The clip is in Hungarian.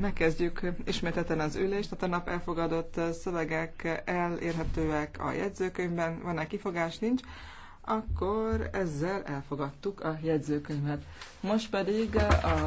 Ne kezdjük ismételten az ülést. A tegnap elfogadott szövegek elérhetőek a jegyzőkönyvben. Van-e kifogás? Nincs. Akkor ezzel elfogadtuk a jegyzőkönyvet. Most pedig a